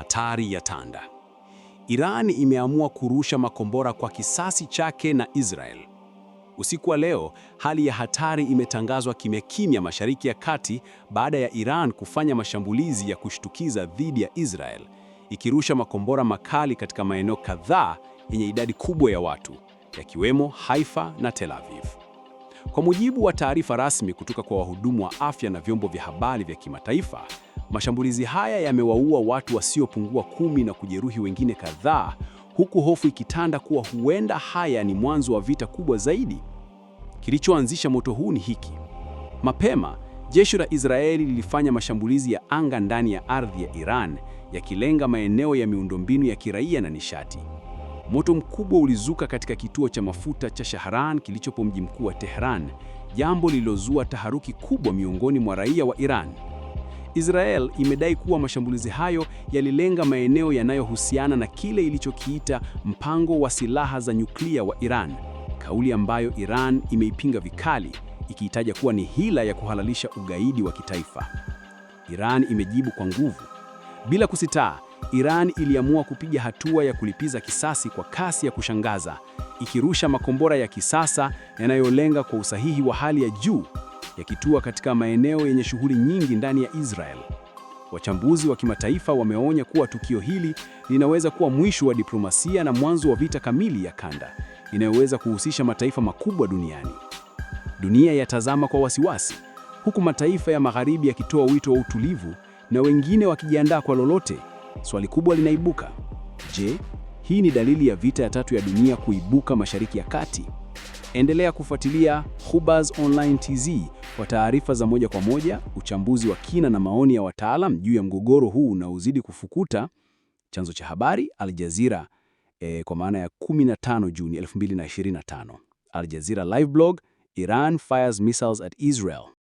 hatari ya tanda. Iran imeamua kurusha makombora kwa kisasi chake na Israel. Usiku wa leo, hali ya hatari imetangazwa kimya kimya Mashariki ya Kati baada ya Iran kufanya mashambulizi ya kushtukiza dhidi ya Israel, ikirusha makombora makali katika maeneo kadhaa yenye idadi kubwa ya watu, yakiwemo Haifa na Tel Aviv. Kwa mujibu wa taarifa rasmi kutoka kwa wahudumu wa afya na vyombo vya habari vya kimataifa, Mashambulizi haya yamewaua watu wasiopungua kumi na kujeruhi wengine kadhaa, huku hofu ikitanda kuwa huenda haya ni mwanzo wa vita kubwa zaidi. Kilichoanzisha moto huu ni hiki. Mapema, jeshi la Israeli lilifanya mashambulizi ya anga ndani ya ardhi ya Iran, yakilenga maeneo ya miundombinu ya kiraia na nishati. Moto mkubwa ulizuka katika kituo cha mafuta cha Shahran kilichopo mji mkuu wa Tehran, jambo lililozua taharuki kubwa miongoni mwa raia wa Iran. Israel imedai kuwa mashambulizi hayo yalilenga maeneo yanayohusiana na kile ilichokiita mpango wa silaha za nyuklia wa Iran, kauli ambayo Iran imeipinga vikali, ikiitaja kuwa ni hila ya kuhalalisha ugaidi wa kitaifa. Iran imejibu kwa nguvu. Bila kusitaa, Iran iliamua kupiga hatua ya kulipiza kisasi kwa kasi ya kushangaza, ikirusha makombora ya kisasa yanayolenga kwa usahihi wa hali ya juu yakitua katika maeneo yenye shughuli nyingi ndani ya Israel. Wachambuzi wa kimataifa wameonya kuwa tukio hili linaweza kuwa mwisho wa diplomasia na mwanzo wa vita kamili ya kanda inayoweza kuhusisha mataifa makubwa duniani. Dunia yatazama kwa wasiwasi, huku mataifa ya magharibi yakitoa wito wa utulivu na wengine wakijiandaa kwa lolote. Swali kubwa linaibuka: je, hii ni dalili ya vita ya tatu ya dunia kuibuka Mashariki ya Kati? Endelea kufuatilia hubers Online TZ kwa taarifa za moja kwa moja, uchambuzi wa kina na maoni ya wataalam juu ya mgogoro huu unaozidi kufukuta. Chanzo cha habari Al Jazeera, e, kwa maana ya 15 Juni 2025. Al Jazeera live blog Iran fires missiles at Israel.